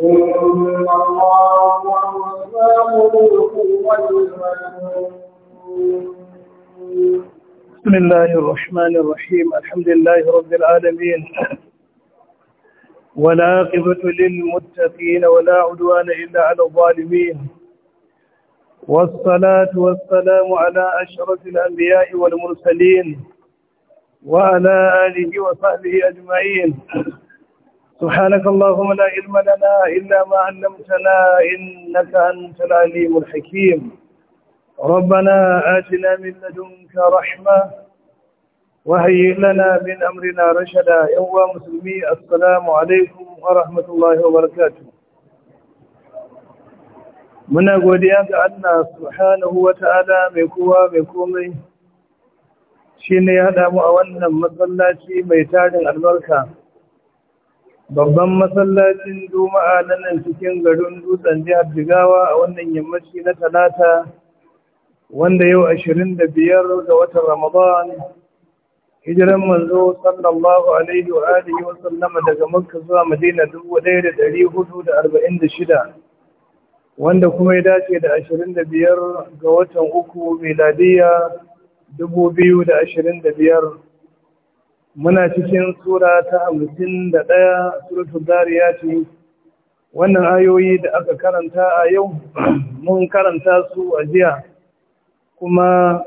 إن الله هو بسم الله الرحمن الرحيم الحمد لله رب العالمين ولا والعاقبة للمتقين ولا عدوان إلا على الظالمين والصلاة والسلام على أشرف الأنبياء والمرسلين وعلى آله وصحبه أجمعين سبحانك اللهم لا علم لنا إلا ما علمتنا إنك أنت العليم الحكيم ربنا آتنا من لدنك رحمة وهيئ لنا من أمرنا رشدا يوى مسلمي السلام عليكم ورحمة الله وبركاته muna godiya ga Allah subhanahu wata'ala mai kowa mai komai shine ya haɗa mu a wannan masallaci mai tarin albarka babban masallacin juma'a na nan cikin garin dutsen jihar jigawa a wannan yammaci na talata wanda yau ashirin da biyar ga watan ramadan hijiran manzo sallallahu alaihi wa alihi wa sallama daga makka zuwa madina dubu ɗaya da ɗari hudu da arba'in da shida wanda kuma ya dace da ashirin da biyar ga watan uku miladiya dubu biyu da ashirin da biyar muna cikin tura ta hamsin da ɗaya suratul dariya ce wannan ayoyi da aka karanta a yau mun karanta su a jiya kuma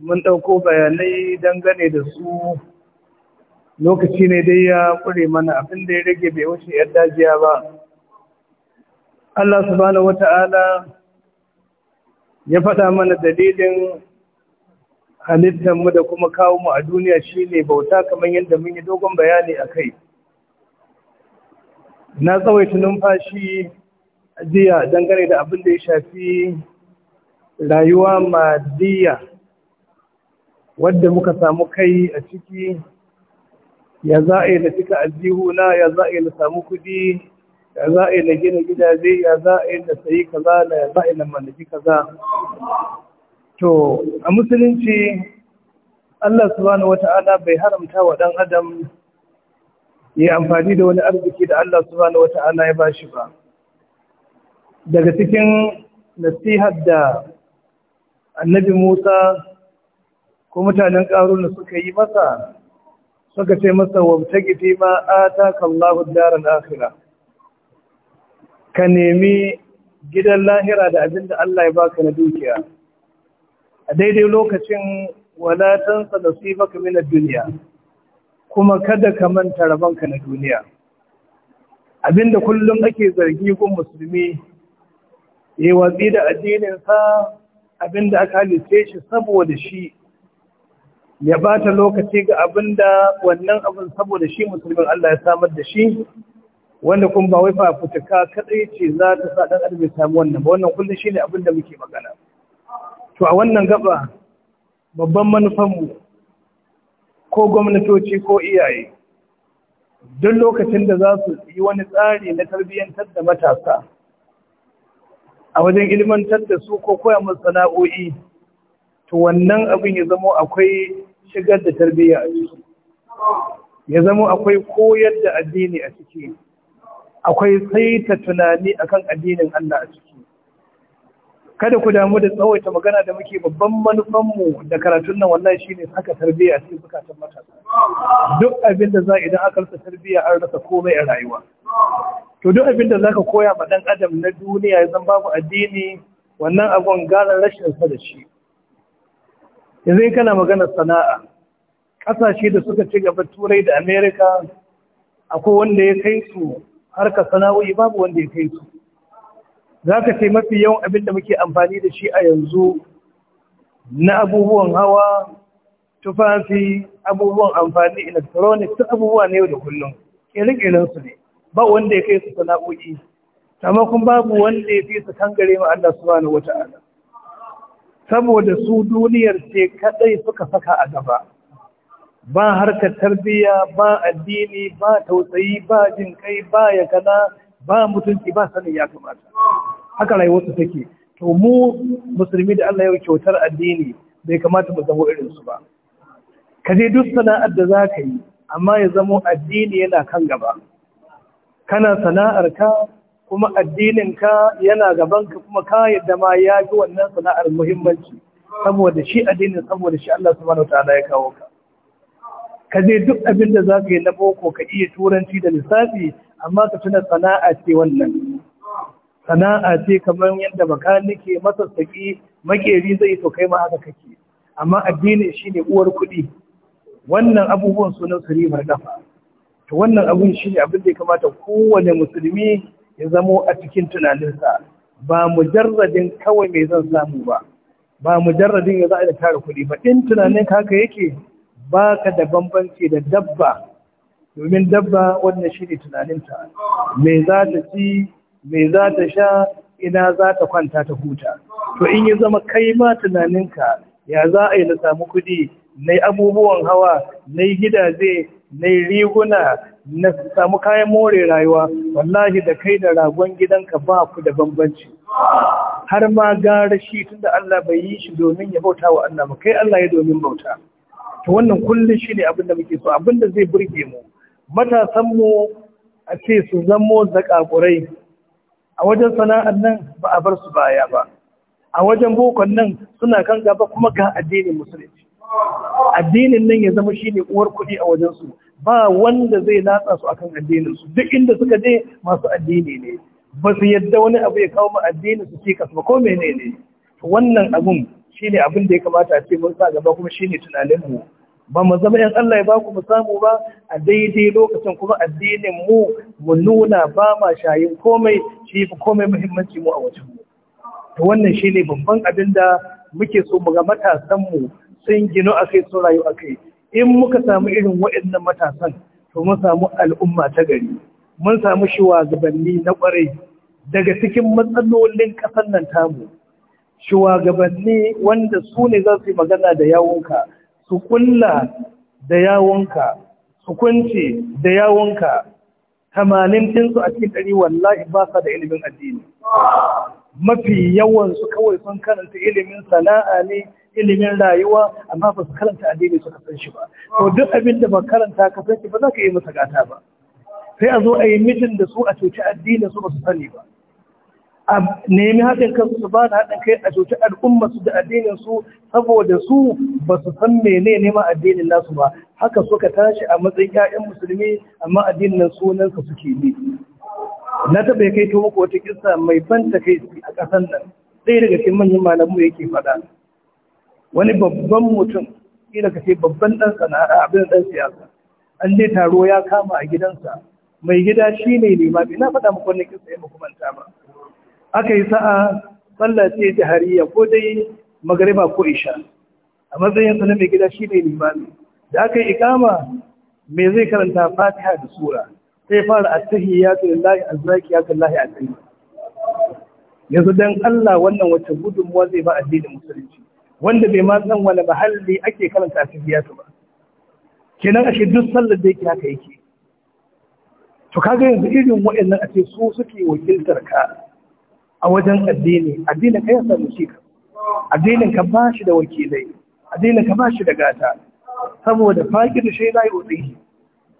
mun ɗauko bayanai dangane da su lokaci ne dai ya ƙure mana abin da ya rage bai wuce yar dajiya ba Allah subhanahu wata'ala ya faɗa mana dalilin halittar mu da kuma kawo mu a duniya shine bauta kamar yadda mun yi dogon bayani a kai na tsawaita numfashi jiya dangane da abin da ya shafi rayuwa madiya wadda muka samu kai a ciki ya za a yi na cika aljihuna ya za a na samu kudi ya za a na gina gidaje ya za a na sayi kaza na ya za a yi na mallaki kaza to a musulunci Allah subhanahu wata'ala bai haramta wa ɗan adam ya amfani da wani arziki da Allah subhanahu wata'ala ya bashi ba daga cikin nasihar da annabi Musa ko mutanen ƙaruna suka yi masa suka ce masa wabtagi fi ma ataka Allahu daral akhirah ka nemi gidan lahira da abinda Allah ya baka na dukiya a daidai lokacin wala su yi baka mina duniya. kuma kada ka manta rabanka na duniya abinda kullum ake zargi gun musulmi ya watsi da addinin sa abinda aka halice shi saboda shi ya bata lokaci ga abinda wannan abin saboda shi musulmin Allah ya samar da shi wanda kun ba wai fafutuka kadai ce za ta sa dan adam ya samu wannan ba wannan kullum shine abinda muke magana to a wannan gaba babban manufanmu ko gwamnatoci ko iyaye duk lokacin da za su yi wani tsari na tarbiyyantar da matasa a wajen ilmantar da su ko koya masu sana'o'i to wannan abin ya zamo akwai shigar da tarbiyya a ciki ya zamo akwai koyar da addini a ciki akwai saita tunani akan addinin Allah a ciki kada ku damu da tsawaita magana da muke babban manufanmu da karatun nan wallahi shine saka tarbiyya a cikin bukatun matasa duk abin da za idan aka rasa tarbiyya an rasa komai a rayuwa to duk abin da ka koya ma dan adam na duniya yanzu babu addini wannan abun gara rashin sa da shi yanzu kana magana sana'a kasashe da suka ci gaba turai da america akwai wanda ya kai su harka sana'o'i babu wanda ya kai su za ka ce mafi yawan abin da muke amfani da shi a yanzu na abubuwan hawa tufafi abubuwan amfani electronic sun abubuwa na yau da kullum Irin su ne ba wanda ya kai su sana'o'i amma kuma babu wanda ya fi su kangare ma Allah subhanahu wata'ala saboda su duniyar ce kadai suka saka a gaba ba harkar tarbiyya ba addini ba tausayi ba jin kai ba yakana ba mutunci ba sanin ya kamata haka rayuwarsu take to mu musulmi da Allah ya kyautar addini bai kamata mu zama irin su ba ka je duk sana'ar da za ka yi amma ya zamo addini yana kan gaba kana sana'ar ka kuma addinin ka yana gaban ka kuma ka yadda ma ya fi wannan sana'ar muhimmanci saboda shi addinin saboda shi Allah subhanahu wataala ya kawo ka ka je duk abin da za ka yi na boko ka iya turanci da lissafi amma ka tuna sana'a ce wannan sana'a ce kamar yadda makanike masassaki makeri zai to kai ma haka kake amma addini shine uwar kuɗi wannan abubuwan sunan su ribar dafa to wannan abun shine abin da ya kamata kowane musulmi ya zamo a cikin tunaninsa ba mujarradin kawai mai zan samu ba ba mujarradin ya za a tara kuɗi ba in tunanin haka yake ba ka da bambanci da dabba domin dabba wannan shi ne tunaninta me za ta ci me za ta sha ina za ta kwanta ta huta to in yi zama kai ma tunaninka ya za a yi na samu kuɗi na abubuwan hawa na gidaje na riguna na samu kayan more rayuwa wallahi da kai da ragon gidanka ba ku da bambanci har ma gara shi tunda Allah bai yi shi domin ya bauta wa Allah ba kai Allah ya domin bauta to wannan kullum shine abin da muke so abin da zai burge mu matasanmu a ce su zamo zakakurai a wajen sana'ar nan ba a bar su baya ba a wajen bokon nan suna kan gaba kuma ga addinin musulunci addinin nan ya zama shine uwar kuɗi a wajen su ba wanda zai latsa su akan addinin duk inda suka je masu addini ne ba su yadda wani abu ya kawo ma addinin su ce kasu ba ko menene wannan abun shine abin da ya kamata a ce mun sa gaba kuma shine tunanin mu ba mu zama yan Allah ya ba ku mu samu ba a daidai lokacin kuma addinin mu mu nuna ba ma shayin komai shi fi komai muhimmanci mu a wajen mu to wannan ne babban abin da muke so mu ga matasan mu sun gino a kai sun rayu a kai. in muka samu irin waɗannan matasan to mun samu al'umma ta gari mun samu shugabanni na kwarai daga cikin matsalolin ƙasar nan tamu shugabanni wanda su ne za su yi magana da yawunka su kulla da yawonka su kunce da yawonka tamanin tinsu a cikin ɗari wallahi ba sa da ilimin addini mafi yawansu kawai sun karanta ilimin sana'a ne ilimin rayuwa amma ba su karanta addini suka san shi ba to duk abin da ba karanta ka san shi ba za ka yi masa gata ba sai a zo a yi mijin da su a cuci addini su ba su sani ba a nemi haɗin kansu su ba da haɗin kai a al'umma su da addinin su saboda su ba su san mene neman addinin nasu ba haka suka tashi a matsayin 'ya'yan musulmi amma addinin sunansa suke ni. na taɓa kai to muku wata kisa mai ban kai a ƙasar nan ɗaya daga cikin manyan malamu yake faɗa wani babban mutum kila ka ce babban ɗan sana'a abin ɗan siyasa an dai taro ya kama a gidansa mai gida shi ne limami na faɗa muku wannan kisa ya muku manta ba aka yi sa'a sallah ce hariya ko dai magariba ko isha a matsayin sa na mai gida shine limani da aka yi ikama mai zai karanta fatiha da sura sai fara ya a zaki, ya lillahi lahi a azim yanzu don Allah wannan wacce gudunmuwa zai ba addinin musulunci wanda bai ma san wani mahalli ake karanta attahiyatu ba kenan ashe duk sallar da yake haka yake to kaga yanzu irin waɗannan a so su suke wakiltar ka a wajen addini addinin ka yasa samu addinin ka ba shi da wakilai addinin ka ba shi da gata saboda faƙi da shaida ya utsi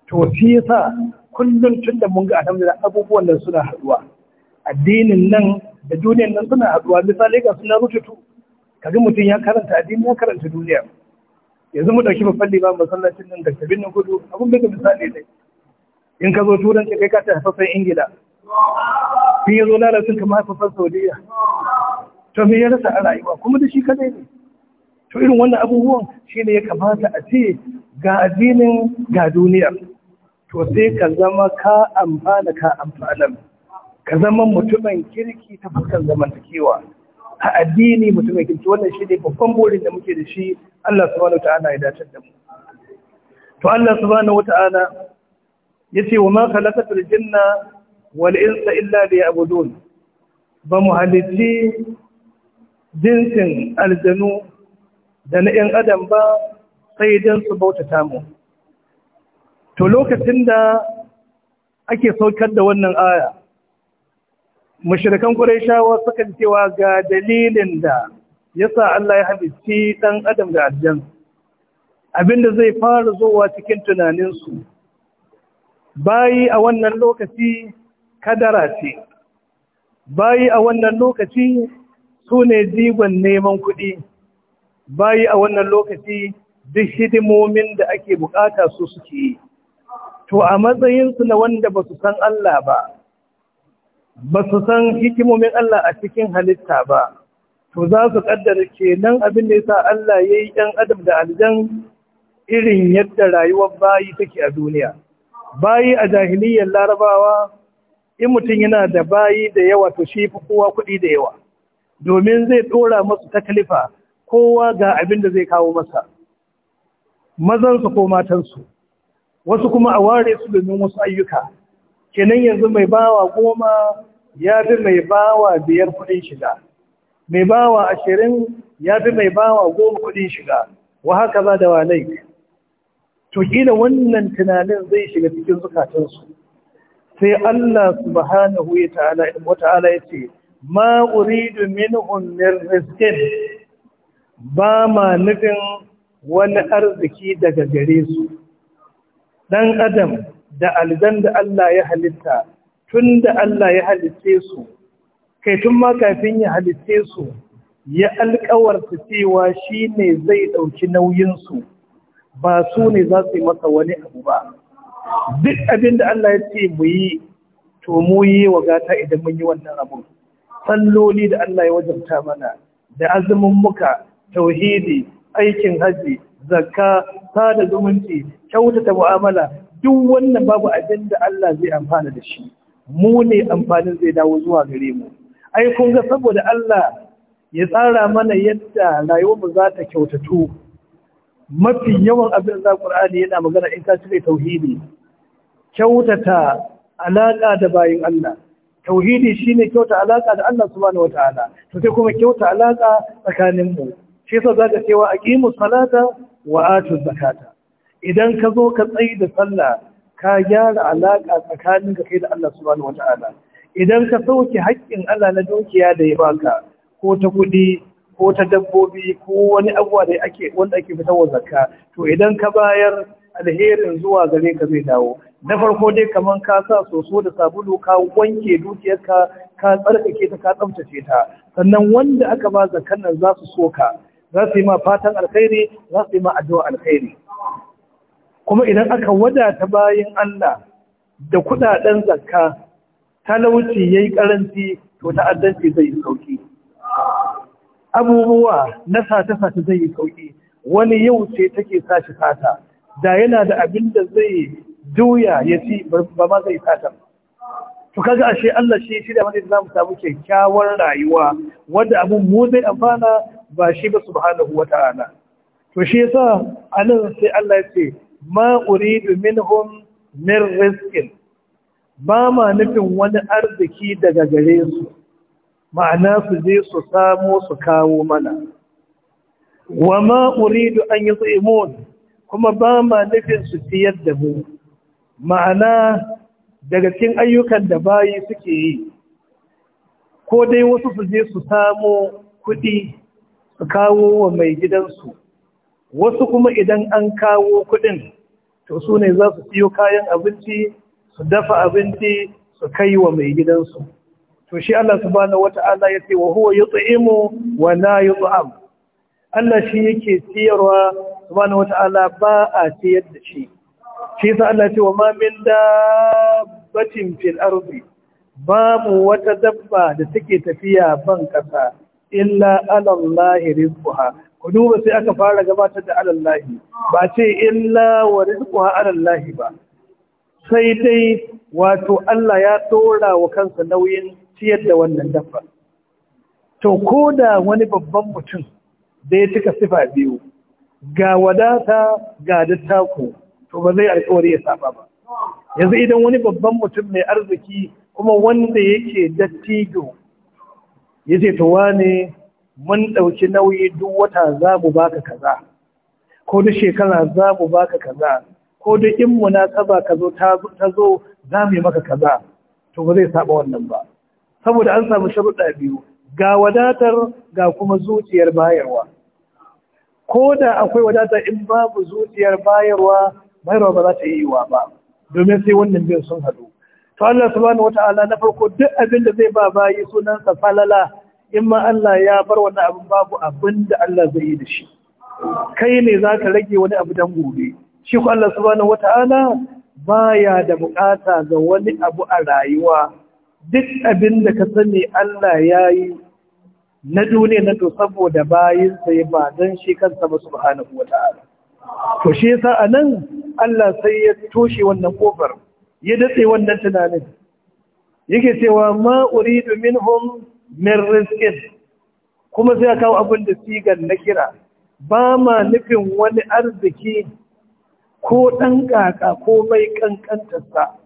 to shi yasa kullum tun da mun ga alhamdulillah abubuwan nan suna haduwa addinin nan da duniyan nan suna haduwa misali ga suna rututu kaga mutum ya karanta addini ya karanta duniya yanzu mu dauki babban liman masallacin nan da tabin nan kudu abun bai misali ne in ka zo turanci kai ka ta fasan ingila sun ya zo lalacin kamar haifafan saudiya to mai ya rasa a rayuwa kuma da shi kadai ne to irin wannan abubuwan shi ne ya kamata a ce ga addinin ga duniya. to sai ka zama ka amfana ka amfana ka zama mutumin kirki ta fuskar zamantakewa a addini mutumin kirki wannan shi ne babban burin da muke da shi Allah subhanahu ta'ala ya dace da mu to Allah subhanahu ta'ala yace wa ma khalaqatul jinna illa insa illa liya'budun ba mu halitti jinsin aljanu da na ‘yan adam ba sai don su bauta tamu. To lokacin da ake saukar da wannan aya, Mashirkan ƙwarai ƙuraishawa suka cewa ga dalilin da ya sa Allah ya halitti ɗan adam da aljan. Abinda zai fara zowa cikin tunaninsu, bayi a wannan lokaci kadara ce bayi a wannan lokaci su ne jigon neman kuɗi bayi a wannan lokaci duk hidimomin da ake bukata su suke yi to a matsayinsu na wanda ba su san Allah ba ba su san hikimomin Allah a cikin halitta ba to za su kaddara kenan abin da sa Allah ya yi ɗan adam da aljan irin yadda rayuwar bayi take a duniya bayi a jahiliyyar larabawa in mutum yana da bayi da yawa to shi fi kowa kuɗi da yawa domin zai ɗora masu takalifa kowa ga abin da zai kawo masa mazansu ko matansu wasu kuma a ware su domin wasu ayyuka kenan yanzu mai bawa goma ya fi mai bawa biyar kuɗin shiga mai bawa ashirin ya fi mai bawa goma kuɗin shiga wa haka ba da walai to kila wannan tunanin zai shiga cikin zukatansu sai Allah subhanahu wa ta'ala ya ce ma uridu minhum min rizqin ba ma nufin wani arziki daga gare su dan adam da aljan da Allah ya halitta tun da Allah ya halitte su kai tun ma kafin ya halitte su ya alkawarta cewa shi ne zai ɗauki nauyinsu ba su ne za su yi masa wani abu ba duk abin da Allah ya ce mu yi to mu yi wa gata idan mun yi wannan abu salloli da Allah ya wajabta mana da azumin muka tauhidi aikin haji zakka sada zumunci kyautata mu'amala duk wannan babu abin da Allah zai amfana da shi mu ne amfanin zai dawo zuwa gare mu ai kun ga saboda Allah ya tsara mana yadda rayuwarmu za ta kyautatu mafi yawan abin da Qur'ani yana magana in ka cire tauhidi kyautata alaƙa da bayin Allah tauhidi shi ne kyauta alaƙa da Allah subhanahu wataala to sai kuma kyauta alaƙa tsakanin mu sau za ka cewa aqimus salata wa atuz zakata idan ka zo ka tsayi da sallah ka gyara alaƙa tsakanin ka kai da Allah subhanahu wataala idan ka sauke haƙƙin Allah na dukiya da ya baka ko ta kuɗi ko ta dabbobi ko wani abuwa da ake wanda ake wa zakka to idan ka bayar alherin zuwa gare ka zai dawo na farko dai kamar ka sa soso da sabulu ka wanke dukiyarka ka tsarkake ta ka tsaftace ta sannan wanda aka ba zakan nan za su so ka za su yi ma fatan alkhairi za su yi ma addu'a alkhairi kuma idan aka wadata bayan Allah da kudaden zakka talauci yayi karanci to ta'addanci zai yi sauki abubuwa na sata-sata zai yi sauki wani yau ce take sashi sata da yana da abin da zai doya ya ci ba ma zai sata to kaga ashe Allah shi shi da za mu samu kyakkyawar rayuwa wanda abun mu zai amfana ba shi ba subhanahu wata'ala to shi yasa anan sai Allah ya ce ma uridu minhum min rizqin ba ma nufin wani arziki daga gare su ma'ana su je su samo su kawo mana wa ma uridu an yut'imun kuma ba ma nufin su tiyar da mu ma'ana daga cikin ayyukan da bayi suke yi ko dai wasu su je su samu kuɗi su kawo wa mai gidansu wasu kuma idan an kawo kuɗin to su ne za su siyo kayan abinci su dafa abinci su kai wa mai gidansu to shi Allah subhanahu wata'ala ya ce wa huwa yut'imu wa la yut'am Allah shi yake siyarwa subhanahu wata'ala ba a ciyar da shi shi sa Allah ce wa ma min dabbatin fil ardi babu wata dabba da take tafiya ban kasa illa ala Allah rizquha ku duba sai aka fara gabatar da ala Allah ba ce illa wa rizquha ala Allah ba sai dai wato Allah ya tora wa kansa nauyin ciyar da wannan dabba to ko da wani babban mutum da ya cika sifa biyu ga wadata ga dattako to ba zai alkawari ya saba ba yanzu idan wani babban mutum mai arziki kuma wanda yake dattijo ya ce to wane mun ɗauki nauyi duk wata za mu baka kaza ko duk shekara za mu baka kaza ko duk in munasaba ka zo ta zo za mu yi maka kaza to ba zai saba wannan ba saboda an samu sharuɗa biyu ga wadatar ga kuma zuciyar bayarwa ko da akwai wadatar in babu zuciyar bayarwa bayarwa ba za ta yi yiwa ba domin sai wannan biyan sun haɗu to Allah subhanahu wata'ala na farko duk abin da zai ba bayi sunansa falala in ma Allah ya bar wannan abin babu abin da Allah zai yi da shi kai ne za ka rage wani abu dan gobe shi ku Allah subhanahu wata'ala baya da bukata ga wani abu a rayuwa duk abin da ka sani Allah ya yi na duniya na to saboda bayinsa ya ba don shi kansa ba subhanahu wa ta'ala to shi yasa anan Allah sai ya toshe wannan kofar ya datse wannan tunanin yake cewa ma uridu minhum min rizqin kuma sai ya kawo abin da sigan na kira ba ma nufin wani arziki ko ɗan ƙaƙa ko mai ƙanƙantarsa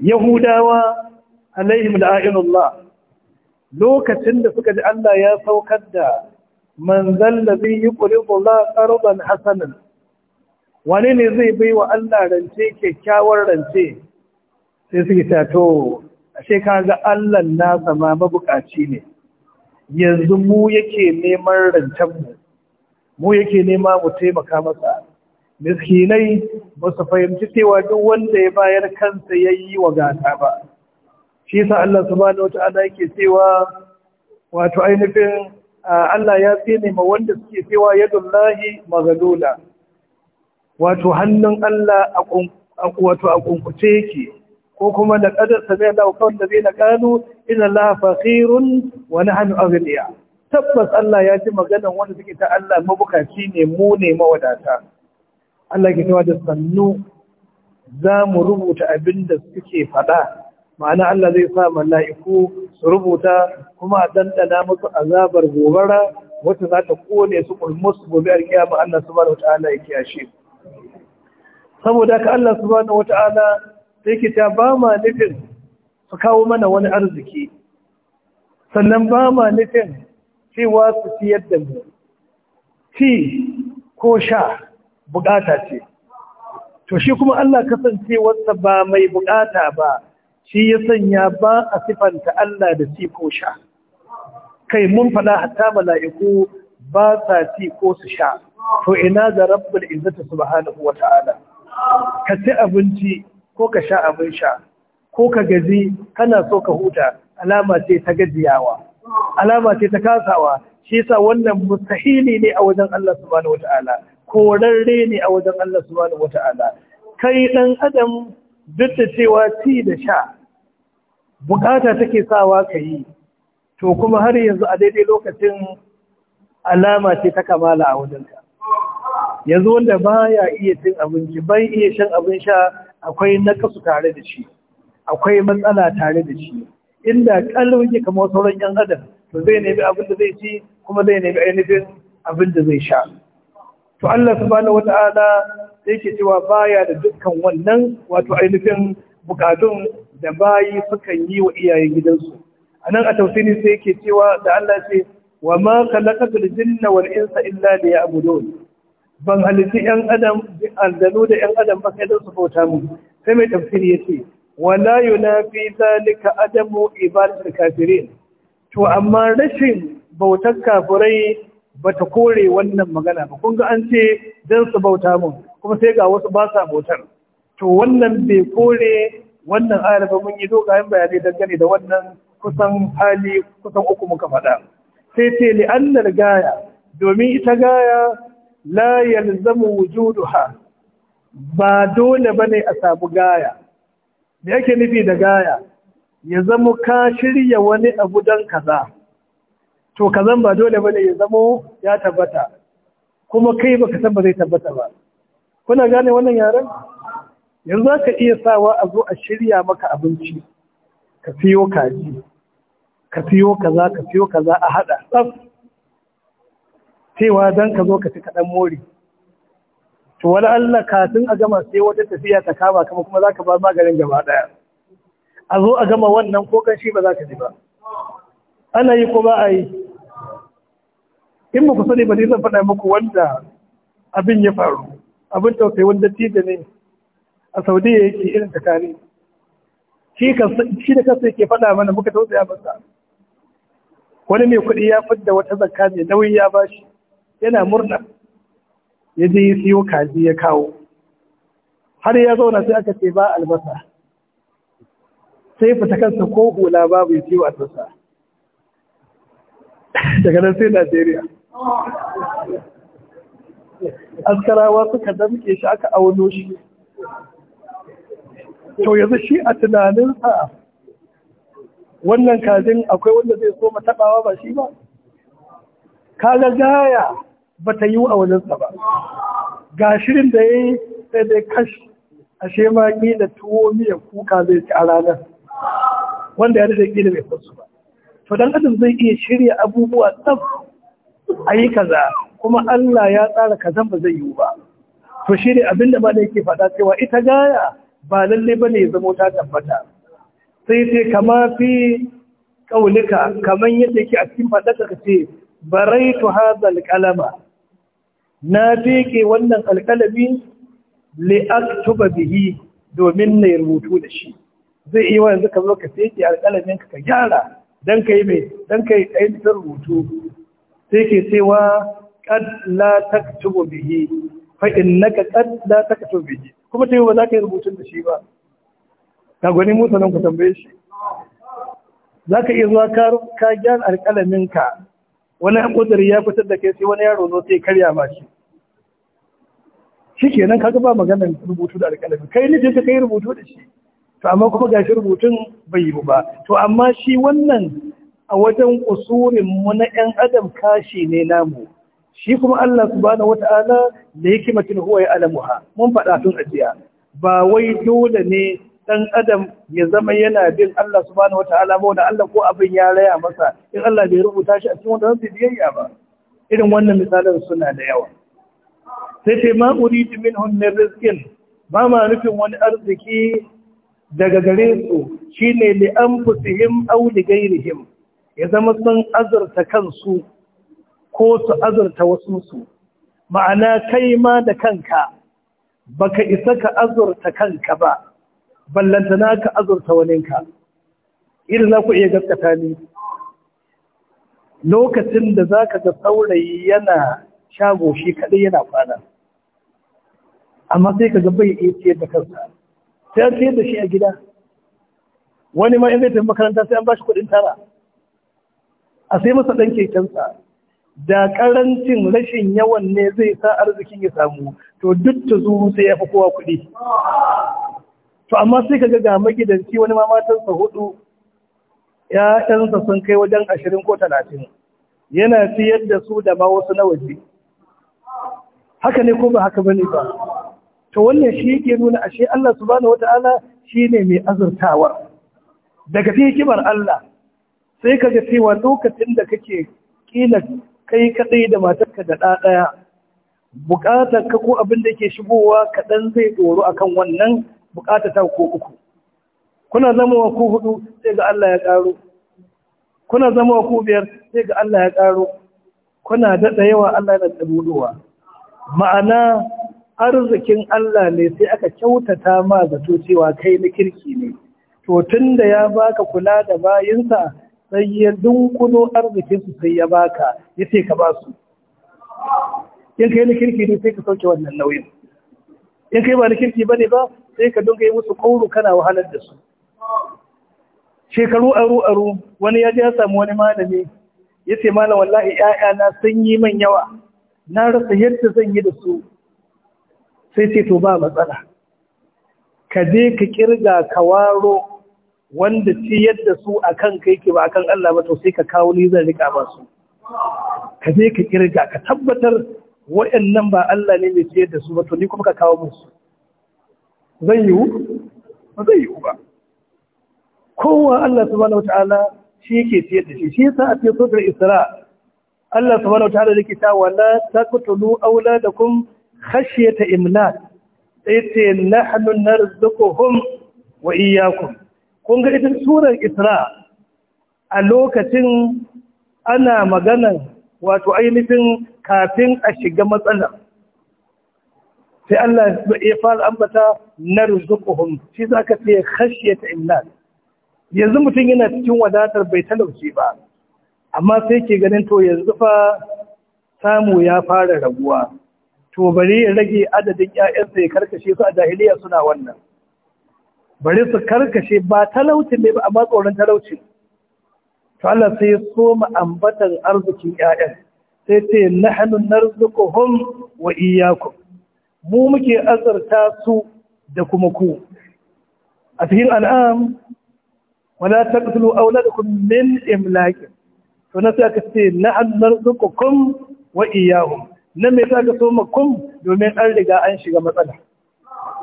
yahudawa alaihim la'inullah lokacin da suka ji Allah ya saukar da manzan da zai yi ƙuridullah ƙarɓar hasanin wani ne zai bai wa Allah rance kyakkyawar rance sai suke to, ashe ga Allah na zama mabukaci ne yanzu mu yake neman rancen mu mu yake nema mu taimaka masa miskinai ba su fahimci cewa duk wanda ya bayar kansa ya yi wa gata ba shi sa Allah subhanahu wata'ala yake cewa wato ainihin Allah ya tsine ma wanda suke cewa yadullahi magadola wato hannun Allah wato a kunkuce yake ko kuma da ƙadar sami Allah da zai na gano ina Allah wani hannu nahnu tabbas Allah ya ji maganan wanda suke ta Allah mabukaci ne mu ne mawadata Allah ke cewa da sannu za mu rubuta abin da suke faɗa ma'ana Allah zai sa mala'iku su rubuta kuma a dandana musu azabar gobara wata za ta kone su ƙulmus gobe alkiyama Allah subhanahu wa ta'ala ya kiyashe su saboda ka Allah subhanahu wata'ala yake ta ba ma nufin su kawo mana wani arziki sannan ba ma nufin cewa su siyar da mu ci ko sha bukata ce to shi kuma Allah kasancewarsa ba mai bukata ba shi ya sanya ba a sifanta Allah da ci ko sha kai mun faɗa hatta mala'iku ba sa ci ko su sha to ina ga rabbul izzati subhanahu wata'ala ka ci abinci ko ka sha abin sha ko ka gaji kana so ka huta alama ce ta gajiyawa alama ce ta kasawa shi yasa wannan mustahili ne a wajen Allah subhanahu wata'ala korarre ne a wajen Allah subhanahu wata'ala kai dan adam duk da cewa ci da sha bukata take sawa ka to kuma har yanzu a daidai lokacin alama ce ta kamala a wajenka yanzu wanda ba ya iya cin abinci bai iya shan abin sha akwai nakasu tare da shi akwai matsala tare da shi inda kallon yake kamar sauran yan adam to zai nemi abin da zai ci kuma zai nemi ainihin abin da zai sha to Allah subhanahu wata'ala yake cewa baya da dukkan wannan wato ainihin bukatun da bayi sukan yi wa iyayen gidansu anan a tausini sai yake cewa da Allah ce wa ma khalaqatul jinna wal insa illa liya'budun ban halitti ‘yan adam aljanu da ‘yan adam ba kai don su bauta mu sai mai tafsiri ya ce wala yunafi zalika adamu ibadatul kafirin to amma rashin bautar kafirai ta kore wannan magana ba kun ga an ce don su bauta mu kuma sai ga wasu ba sa bautar to wannan bai kore wannan ayar mun yi dogayen bayanai dangane da wannan kusan hali kusan uku muka faɗa sai ce li'annar gaya domin ita gaya la yalzamu wujuduha ba dole bane a samu gaya me yake nufi da gaya ya zama ka shirya wani abu don kaza to kazan ba dole bane ya zama ya tabbata kuma kai baka san ba zai tabbata ba kuna gane wannan yaren yanzu za ka iya sawa a zo a shirya maka abinci ka siyo kaji ka siyo kaza ka siyo kaza a hada tsaf cewa don ka zo ka ci kaɗan more to wani Allah kafin a gama sai wata tafiya ta kama kama kuma za ka ba maganin gaba ɗaya a zo a gama wannan ko kanshi ba za ka ji ba ana yi ko ba a yi in ba ku sani ba ne zan faɗa muku wanda abin ya faru abin tausayi wanda tija ne a saudiya yake irin kare shi da kasa yake faɗa mana muka tausaya masa wani mai kuɗi ya fidda wata zakka ne nauyi ya bashi yana murna ya je ya siyo kaji ya kawo har ya zauna sai aka ce ba albasa sai fita kansa ko hula babu ya ciwo a tasa daga nan sai najeriya askarawa suka damke shi aka auno shi to yanzu shi a tunaninsa wannan kajin akwai wanda zai so mataɓawa ba shi ba kaga gaya ba ta yi a wajensa ba ga shirin da ya yi sai dai kashi ashe ma da tuwo miya kuka zai ci a ranar wanda ya rage gina mai fasu ba to don adam zai iya shirya abubuwa tsaf a yi kaza kuma Allah ya tsara kazan ba zai yiwu ba to shirya abin da bada yake faɗa cewa ita gaya ba lalle ba ne ya zama ta tabbata sai sai kama fi ƙaunuka kamar yadda yake a cikin faɗa ka ce baraitu hadha alqalama na feke wannan alkalami li'aktuba bihi domin na yi rubutu da shi zai iya yanzu ka zo ka feke alkalamin ka gyara ka yi mai don ka yi ainihin rubutu sai ke cewa qad la tuba bihi fa ka ƙad la tuba bihi kuma ta yi ba za ka yi rubutun da shi ba ka gwani musa nan ku tambaye shi za ka iya zuwa ka gyara alkalamin ka wani ƙudiri ya fitar da kai sai wani yaro zo sai karya ba shi shi nan kaga ba maganar rubutu da alƙalami kai ne ka kai rubutu da shi to amma kuma gashi rubutun bai yi ba to amma shi wannan a wajen kusurin mu na ƴan adam kashi ne namu shi kuma Allah subhanahu wata'ala da hikimatin huwa ya alamuha mun faɗa tun ajiya ba wai dole ne dan adam ya zama yana bin Allah subhanahu wataala ba wanda Allah ko abin ya raya masa in Allah bai rubuta shi a cikin wanda zai biyayya ba irin wannan misalan suna da yawa sai sai ma uridu minhum min rizqin ba ma nufin wani arziki daga gare su shine li anfusihim aw li ghairihim ya zama sun azurta kansu ko su azurta wasu su ma'ana kai ma da kanka baka isa ka azurta kanka ba ballantana ka azurta waninka irin za ku iya gaskata ni lokacin da za ka ga saurayi yana shago shi kaɗai yana kwana amma sai ka ga bai iya ce da kansa sai an ciyar da shi a gida wani ma in zai tafi makaranta sai an ba shi kuɗin tara a sai masa ɗan kekensa da ƙarancin rashin yawan ne zai sa arzikin ya samu to duk ta zuru sai ya fi kowa kuɗi to amma sai ka ga magidanci wani mamatan matansa hudu ‘ya'yansa sun kai wajen ashirin ko talatin yana siyar da su da ma wasu na waje haka ne ko ba haka bane ba to wannan shi yake nuna ashe Allah subhanahu wata'ala shine mai azurtawa daga cikin kibar Allah sai ka ga cewa lokacin da kake kila kai kadai da matarka da da ɗaya bukatar ka ko abin da yake shigowa kaɗan zai doro akan wannan bukata ta ko uku kuna zama ku hudu sai ga Allah ya karo kuna zama ku biyar sai ga Allah ya karo kuna daɗa yawa Allah yana tsabudowa ma'ana arzikin Allah ne sai aka kyautata ma zato cewa kai na kirki ne to tunda ya baka kula da bayinsa sai ya dunkuno arzikin su sai ya baka yace ka ba su in kai na kirki ne sai ka sauke wannan nauyin in kai ba na kirki bane ba sai ka dunga yi musu kauru kana wahalar da su shekaru aru aru wani ya ya samu wani malami ya ce malam wallahi ƴaƴana sun yi man yawa na rasa yadda zan yi da su sai ce to ba matsala ka je ka kirga ka waro wanda ci yadda su akan kai ke ba a kan Allah ba to sai ka kawo ni zan rika masu ka je ka kirga ka tabbatar waɗannan ba Allah ne mai ciyar da su ba to ni kuma ka kawo musu zai yiwu ba zai yiwu ba kowa Allah subhanahu wataala shi yake ciyar da shi shi yasa a cikin sura Isra Allah subhanahu wataala yake ta wala taqtulu auladakum khashyata imlak sai ce nahnu narzuquhum wa iyyakum kun ga ita surar Isra a lokacin ana maganan wato ainihin kafin a shiga matsalar sai Allah ya fara ambata na rizuquhum shi za zaka ce ta inna yanzu mutum yana cikin wadatar bai talauci ba amma sai ke ganin to yanzu fa samu ya fara raguwa to bari ya rage adadin 'ya'yansa ya karkashe su a jahiliya suna wannan bari su karkashe ba talauci ne ba amma tsoron talauci to Allah sai ya soma ambatar arzikin 'ya'yan sai ce nahnu narzuquhum wa iyyakum mu muke azarta su da kuma ku a cikin al'am wala taqtulu awladakum min imlaq to na sai ka ce na'an narzuqukum wa iyahum nan me sa ka so kum domin an riga an shiga matsala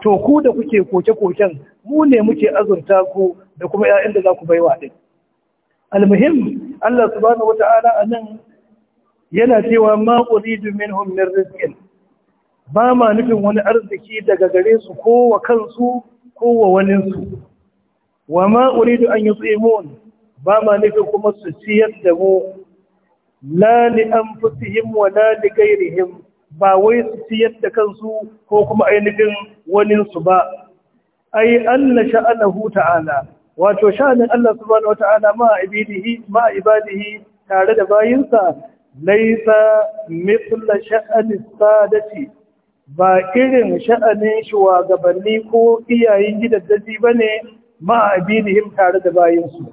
to ku da kuke koke-koken mu ne muke azurta ku da kuma ƴaƴan da za ku baiwa din almuhim Allah subhanahu wata'ala anan yana cewa ma uridu minhum min rizqin ba ma nufin wani arziki daga gare su ko wa kansu ko wa waninsu wa ma uridu an tsimon ba ma nufin kuma su ciyar da mu la li anfusihim wa la li ghairihim ba wai su ciyar da kansu ko kuma ainihin waninsu ba ai anna sha'anahu ta'ala wato sha'anin Allah subhanahu wata'ala ma ibadihi ma ibadihi tare da bayinsa laysa mithla sha'anis sadati ba irin sha'anin shugabanni ko iyayen gidaddaji ba ne ma'abinihim tare da bayansu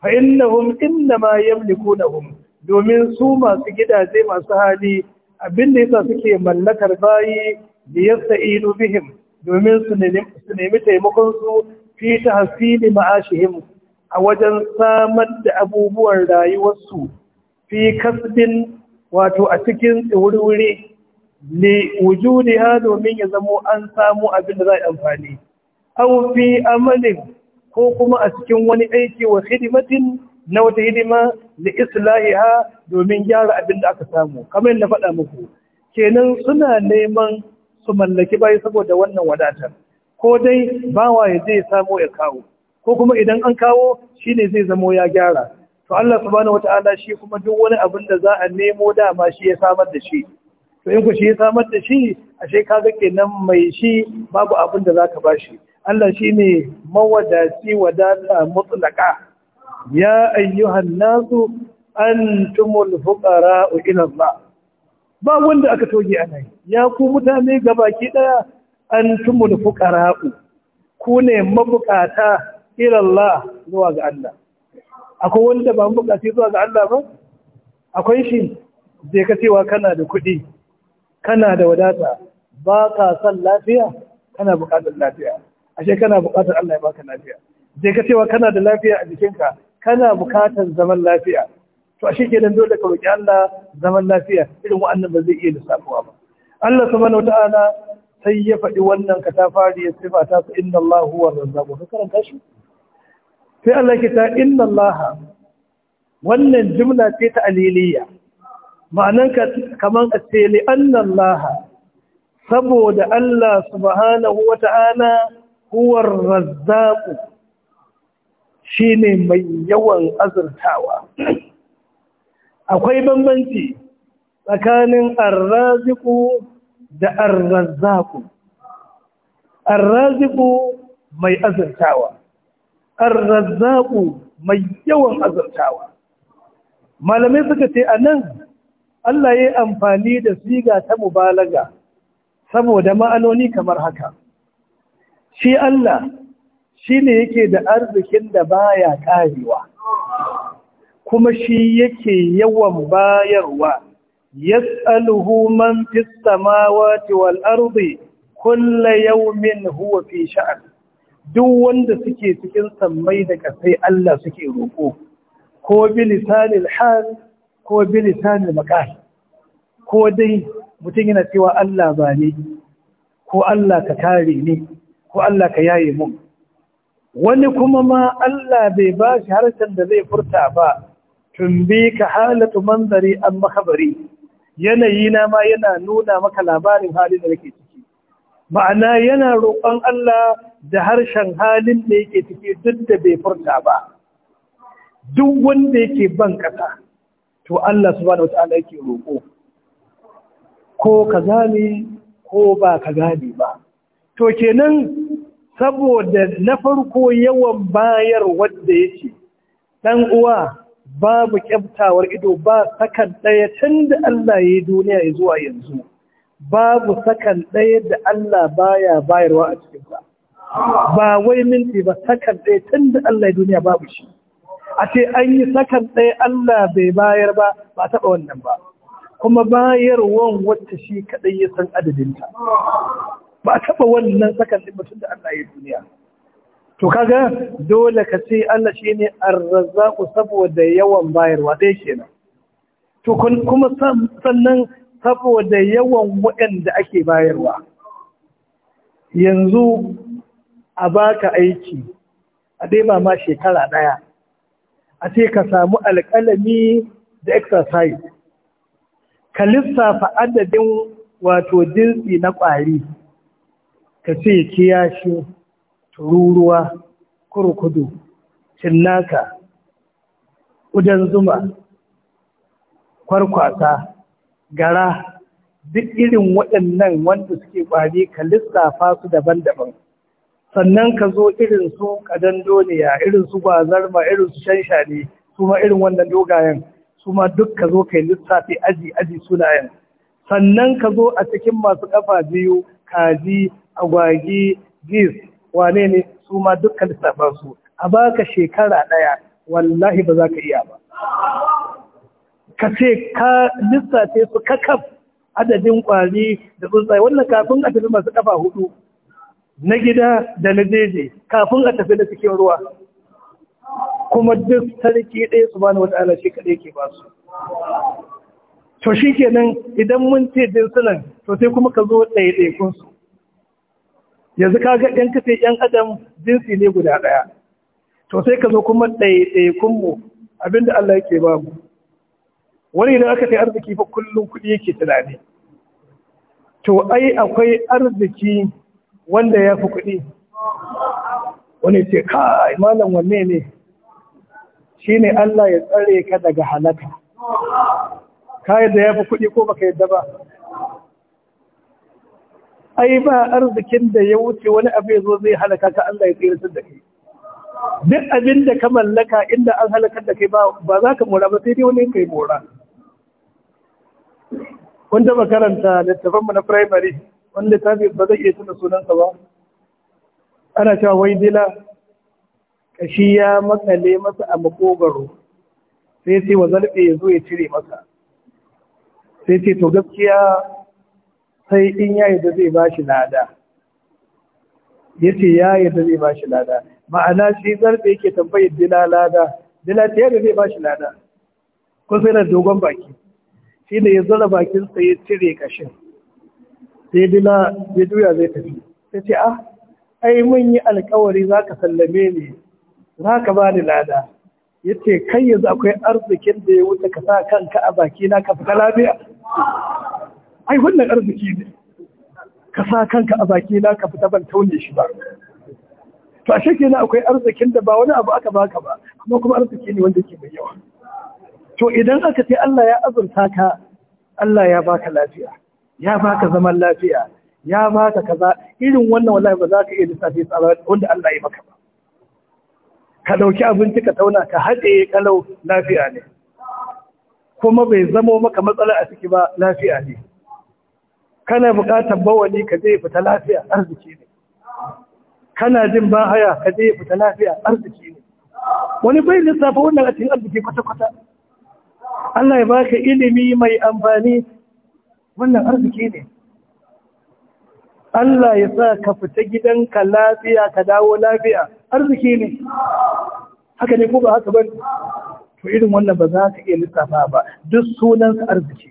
fa innahum innama yamlikunahum domin su masu gidaje masu hali abin da yasa suke mallakar bayi da yasta'inu bihim domin su nemi taimakon su fi tahsili ma'ashihim a wajen samar da abubuwan rayuwarsu fi kasbin wato a cikin tsiwurwuri li ha domin ya zamo an samu abin da za a amfani aw fi amalin ko kuma a cikin wani aiki wa hidimatin na wata hidima da islahiha domin gyara abin da aka samu kamar yadda faɗa muku kenan suna neman su mallaki bayi saboda wannan wadatar ko dai bawa ya zai samo ya kawo ko kuma idan an kawo shi ne zai zamo ya gyara to Allah subhanahu wataala shi kuma duk wani abin da za a nemo dama shi ya samar da shi to in ku shi ya samar da shi ashe kaga kenan mai shi babu abin da za ka ba shi. Allah shi shine mawadaci wadata mutlaka ya ayyuhan nasu antumul tumul ila Allah ba wanda aka toge ana ya ku mutane gabaki daya antumul fuqara'u ku ne mabukata ila Allah zuwa ga Allah akwai wanda ba mabukaci zuwa ga Allah ba akwai shi zai ka cewa kana da kuɗi kana da wadata ba ka son lafiya kana buƙatar lafiya ashe kana buƙatar Allah ya baka lafiya je ka cewa kana da lafiya a jikinka kana buƙatar zaman lafiya to ashe kenan dole ka roki Allah zaman lafiya irin wa'annan ba zai iya lissafuwa ba Allah subhanahu wataala sai ya faɗi wannan katafari ya sifa ta su inna Allah huwa razzaqu ka karanta shi sai Allah ke ta inna Allah wannan jumla ce ta aliliya ma'anan kamar ka ce li laha saboda Allah subhanahu wa ta'ala huwar razzaku mai yawan azurtawa akwai bambanci tsakanin arraziku da arrazzaku arraziku mai azurtawa arrazzaku mai yawan azurtawa malamai suka ce a nan Allah ya yi amfani da siga ta mubalaga saboda ma'anoni kamar haka shi Allah shi ne yake da arzikin da baya karewa kuma shi yake yawan bayarwa yas'aluhu man fis samawati wal ardi kulla yawmin huwa fi sha'an duk wanda suke cikin sammai da sai Allah suke roƙo ko bi lisanil hal ko sami makar, ko dai mutum yana cewa Allah ba ne ko Allah ka kare ni ko Allah ka yaye mu wani kuma ma Allah bai ba shi harshen da zai furta ba Tun tumbi ka halatu manzari an makabari yanayi na ma yana nuna maka labarin halin da yake ciki ma'ana yana roƙon Allah da harshen halin da yake ciki duk da bai furta ba duk wanda yake ban ƙasa to Allah subhanahu wata'ala yake roƙo ko ka gane ko ba ka gane ba to kenan saboda na farko yawan bayar wadda yake dan uwa babu kyaftawar ido ba sakan ɗaya tun da Allah ya yi duniya ya zuwa yanzu babu sakan ɗaya da Allah baya bayarwa a cikin ba wai minti ba sakan ɗaya tun da Allah ya duniya babu shi a ce an yi sakan ɗaya Allah bai bayar ba ba taɓa wannan ba kuma bayarwan wacce shi kaɗai ya san adadinta ba taɓa wannan sakan ɗin mutum da Allah ya duniya to kaga dole ka ce Allah shi ne arzaku saboda yawan bayarwa ɗaya kenan to kuma sannan saboda yawan waɗanda ake bayarwa yanzu a baka aiki a dai ba ma shekara ɗaya a ce ka samu alƙalami da exercise ka lissafa adadin wato jinsi na ƙwari ka ce kiyashi tururuwa kurkudu cinnaka ƙudan zuma kwarkwasa gara duk irin waɗannan wanda suke ƙwari ka lissafa su daban-daban sannan ka zo irin su kadandoniya irin su gwazarma irin su shanshane su ma irin wannan dogayen su ma duk ka zo kai lissafi aji aji sunayen sannan ka zo a cikin masu kafa biyu kaji agwagi gis wane ne su ma ka lissafa su a baka shekara ɗaya wallahi ba za ka iya ba ka ce ka lissafe su kakaf adadin kwari da tsuntsaye wannan kafin a tafi masu kafa hudu na gida da na jeje kafin a tafi da cikin ruwa kuma duk sarki ɗaya su bani wata alashi shi kaɗai ke ba su to shi kenan idan mun ce dinsunan to sai kuma ka zo ɗaya ɗaiɗaikunsu yanzu ka ga ɗan kace ɗan adam jinsi ne guda ɗaya to sai ka zo kuma ɗaya ɗaiɗaikunmu abinda Allah yake ba mu wani idan aka ce arziki fa kullum kuɗi yake tunani to ai akwai arziki wanda ya fi kuɗi wani ce ka imanin wanne ne shi ne Allah ya tsare ka daga halaka ka yadda ya fi kuɗi ko baka yadda ba ai ba arzikin da ya wuce wani abu ya zo zai halaka ka Allah ya tsiratar da kai duk abin da ka mallaka inda an halakar da kai ba za ka mora ba sai dai wani kai mora wanda makaranta littafanmu na firamare wani littafi ba zai iya tuna sunansa ba ana cewa wai dila kashi ya makale masa a makogaro sai ce wa zalɓe ya zo ya cire masa sai ce to gaskiya sai in ya da zai ba shi lada ya ce ya da zai ba shi lada ma'ana shi zarfe yake tambayar dila lada dila ta yadda zai ba shi lada kun sai na dogon baki shi da ya zara bakinsa ya cire kashin sai ya juya zai tafi ta ce ah ai mun yi alkawari za ka sallame ni za ka ba ni lada ya ce kai yanzu akwai arzikin da ya wuce ka sa kanka a baki na ka fita lafiya ai wannan arziki ne ka sa kanka a baki na ka fita ban taune shi ba to a shekke na akwai arzikin da ba wani abu aka baka ba amma kuma arziki ne wanda ke mai yawa to idan aka ce Allah ya azurta ka Allah ya baka lafiya ya baka zaman lafiya ya baka kaza irin wannan wallahi ba za ka iya lissafi tsara wanda Allah ya maka ba ka dauki abinci ka tauna ka haɗe kalau lafiya ne kuma bai zamo maka matsala a ciki ba lafiya ne kana buƙatar bawali ka je fita lafiya arziki ne kana jin ba haya ka je fita lafiya arziki ne wani bai lissafa wannan a cikin arziki kwata-kwata Allah ya baka ilimi mai amfani wannan arziki ne Allah ya sa ka fita gidanka lafiya ka dawo lafiya arziki ne haka ne ko ba haka bane to irin wannan ba za ka iya lissafa ba duk sunan arziki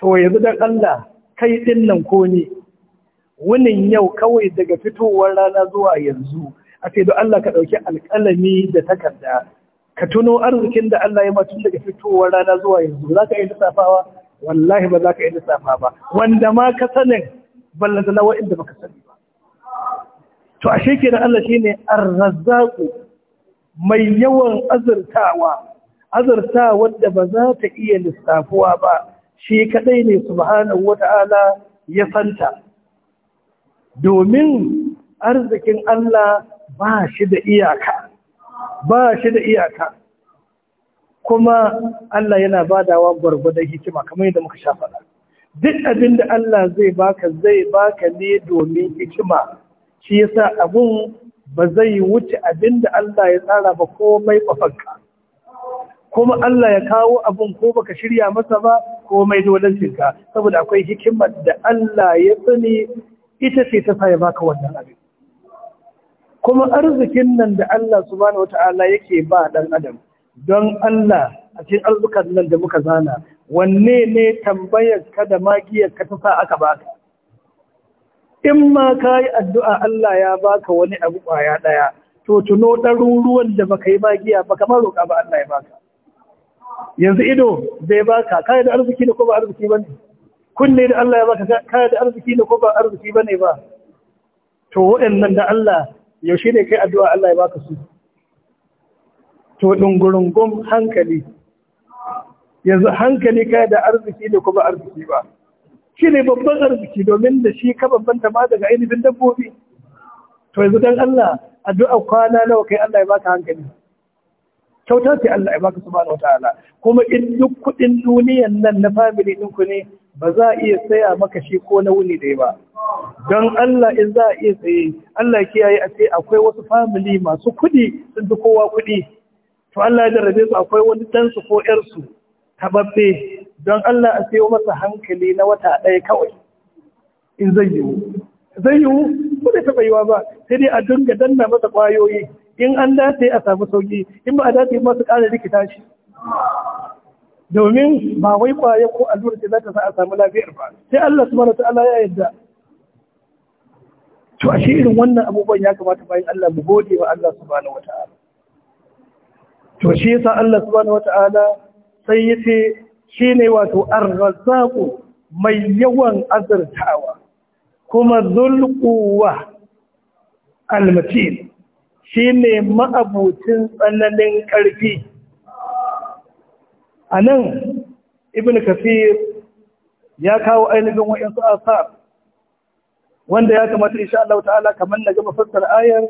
to yanzu dan Allah kai din nan ko ne wannan yau kawai daga fitowar rana zuwa yanzu a ce don Allah ka ɗauki alƙalami da takarda ka tuno arzikin da Allah ya matun daga fitowar rana zuwa yanzu za ka iya lissafawa wallahi ba za ka yi lissafa ba wanda ma ka sanin ballanta na inda ba ka sani ba to ashe da Allah shine ar-razzaqu mai yawan azurtawa azurta wanda ba za ta iya lissafuwa ba shi kadai ne subhanahu wata'ala ya santa domin arzikin Allah ba shi da iyaka ba shi da iyaka kuma Allah yana badawa gwargwadon hikima kamar yadda muka sha faɗa duk abin da Allah zai baka zai baka ne domin hikima shi yasa abun ba zai wuce abin da Allah ya tsara ba komai kwafanka kuma Allah ya kawo abin ko baka shirya masa ba komai dolancinka saboda akwai hikimar da Allah ya tsani ita ce ta sa ya baka wannan abin kuma arzikin nan da Allah subhanahu wata'ala yake ba dan adam don Allah a cikin arzukan nan da muka zana wanne ne tambayar ka da magiyar ka ta sa aka baka in ma ka yi addu'a Allah ya baka wani abu ƙwaya ɗaya to tuno ɗaruruwan da baka yi magiya ba kamar roƙa ba Allah ya baka yanzu ido bai baka kayan da arziki ne ko ba arziki ba ne kunne da Allah ya baka kaya da arziki ne ko ba arziki ba ne ba to waɗannan da Allah yaushe ne kai addu'a Allah ya baka su to ɗungurungun hankali yanzu hankali kai da arziki da kuma arziki ba shi ne babban arziki domin da shi ka babbanta ma daga ainihin dabbobi to yanzu don Allah addu'a kwana nawa kai Allah ya baka hankali kyauta ce Allah ya baka subhanahu wataala kuma in duk kuɗin duniyan nan na family ku ne ba za a iya saya maka shi ko na wuni dai ba don Allah in za a iya saye Allah kiyaye a ce akwai wasu family masu kuɗi sun fi kowa kuɗi to Allah ya jarrabe su akwai wani ɗansu ko ‘yarsu taɓaɓɓe don Allah a sayo masa hankali na wata ɗaya kawai in zai yiwu. Zai yiwu ko da taɓa yiwa ba sai dai a dinga danna masa ƙwayoyi in an dace a samu sauƙi in ba a dace ba su ƙara rikita shi. Domin ba wai ƙwaye ko allura ce za ta sa a samu lafiyar ba sai Allah subhanahu wa ta'ala ya yarda. To a shi irin wannan abubuwan ya kamata bayan Allah mu gode wa Allah subhanahu wa ta'ala. to shi yasa Allah subhanahu wata'ala sai yace shine wato ar-razzaqu mai yawan azurtawa kuma zulquwa al-matin shine ma'abucin tsananin karfi anan ibn kafir ya kawo ainihin su asar wanda ya kamata insha Allah ta'ala kamar na gaba fassara ayar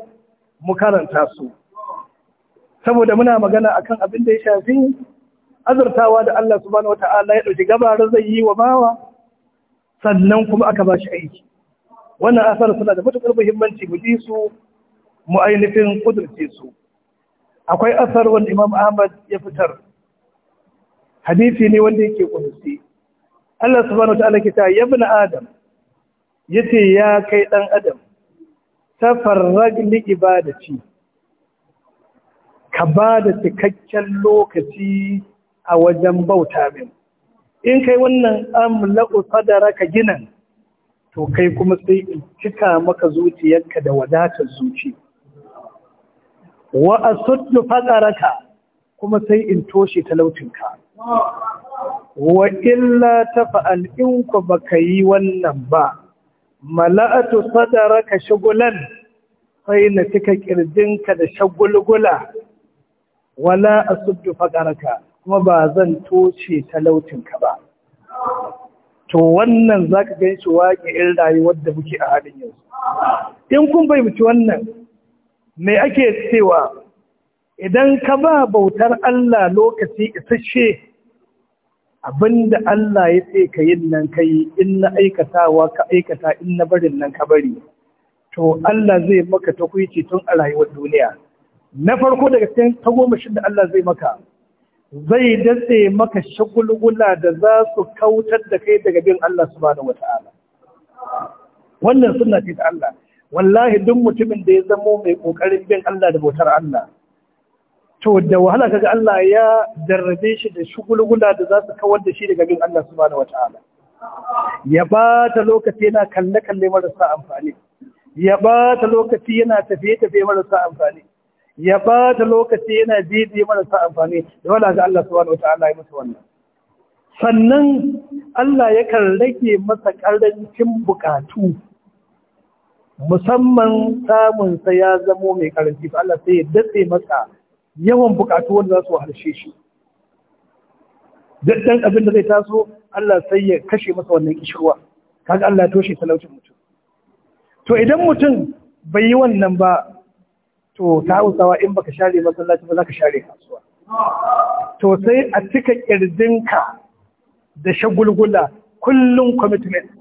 mu karanta su saboda muna magana akan abin da ya shafi azurtawa da Allah subhanahu wata'ala ya ɗauki gabar zai yi wa bawa sannan kuma aka ba shi aiki wannan asar suna da matuƙar muhimmanci mu ji su mu ainihin kudurce su akwai asar wanda Imam Ahmad ya fitar hadisi ne wanda yake kunsi. Allah subhanahu wata'ala ke ta ibn adam yace ya kai dan adam tafarrag li ibadati ka ba da cikakken lokaci a wajen bauta min in kai wannan amla'u ka ginan to kai kuma sai in cika maka zuciyarka da wadatar zuci wa asuddu faqaraka kuma sai in toshe talautinka wa illa tafa'al in ku baka yi wannan ba mala'atu sadaraka shagulan, sai na cika kirjinka da shagulgula wala a sudu faqaraka kuma ba zan toce talautinka ba to wannan za ka gan shi waƙi'in rayuwar da muke a halin yanzu in kun mutu wannan me ake cewa idan ka ba bautar Allah lokaci isasshe abinda Allah ya ce ka yin nan ka yi, in na aikatawa ka aikata in na barin nan ka bari to Allah zai maka takwici tun a rayuwar duniya na farko daga cikin tagomashin da Allah zai maka zai dace maka shagulgula da za su kautar da kai daga bin Allah subhanahu wata'ala wannan sunna ce ta Allah wallahi duk mutumin da ya zamo mai kokarin bin Allah da bautar Allah to da wahala kaga Allah ya darbe shi da shugulgula da za su kawar da shi daga bin Allah subhanahu wata'ala ya ba ta lokaci yana kalle kalle marasa amfani ya ba ta lokaci yana tafiye tafiye marasa amfani ya bata lokaci yana bibi marasa amfani da wala ga Allah subhanahu wataala ya musu wannan sannan Allah yakan rage masa ƙarancin bukatu musamman samunsa ya zamo mai karanci fa. Allah sai ya datse masa yawan bukatu wanda za su harshe shi daddan abin da zai taso Allah sai ya kashe masa wannan kishirwa kaga Allah ya toshe talaucin mutum to idan mutum bai yi wannan ba to ta hausawa in baka share masallaci ba za ka share kasuwa to sai a cika kirjinka da shagulgula kullum commitment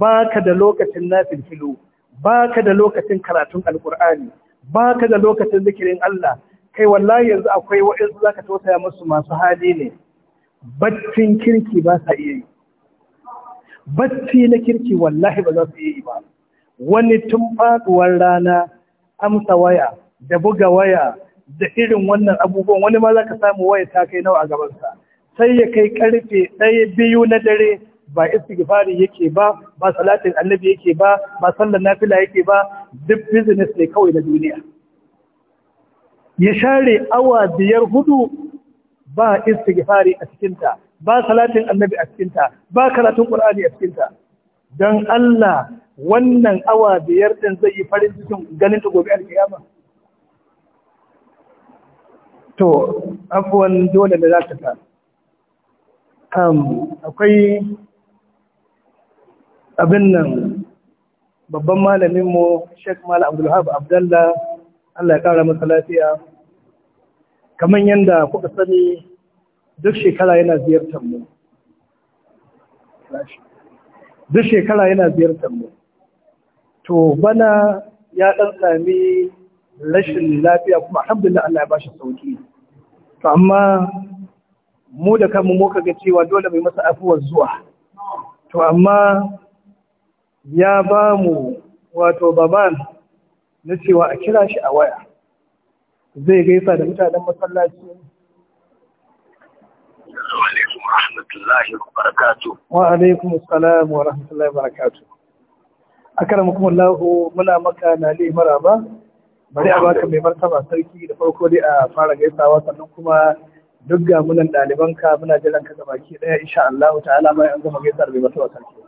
Baka da lokacin nafin filo baka da lokacin karatun alkur'ani baka da lokacin zikirin Allah kai wallahi yanzu akwai waɗansu za ka tausaya musu masu hali ne baccin kirki ba sa iya yi bacci na kirki wallahi ba za su iya yi ba wani tun faɗuwar rana amsa waya da buga waya da irin wannan abubuwan wani ma za ka samu waya ta kai nawa a gabansa sai ya kai karfe ɗaya biyu na dare ba istighfari yake ba ba salatin annabi yake ba ba sallar nafila yake ba duk business ne kawai na duniya ya share awa biyar hudu ba istighfari a cikinta ba salatin annabi a cikinta ba karatun qur'ani a cikinta don Allah wannan awa biyar ɗin zai yi farin cikin ganin ta gobe alkiyama to abuwan dole da za ta ta akwai abin nan babban malaminmu Sheikh mala abdulhab abdallah Allah ya ƙara masa lafiya kamar yadda kuka sani duk shekara yana ziyartar mu. duk shekara yana ziyartar mu to bana ya dan sami rashin lafiya kuma alhamdulillah Allah ya bashi sauki to amma mu da kanmu muka ga cewa dole mai masa afuwar zuwa to amma ya ba mu wato baban na cewa a kira shi a waya zai gaisa da mutanen masallaci rahmatullahi wa wa alaikum wa rahmatullahi wa akramakum Allah muna maka nali maraba bari a baka mai martaba sarki da farko dai a fara gaisawa sannan kuma duk ga munan ɗaliban ka muna jiran ka gabaki ɗaya insha Allah ta'ala bayan an gama gaisar mai martaba sarki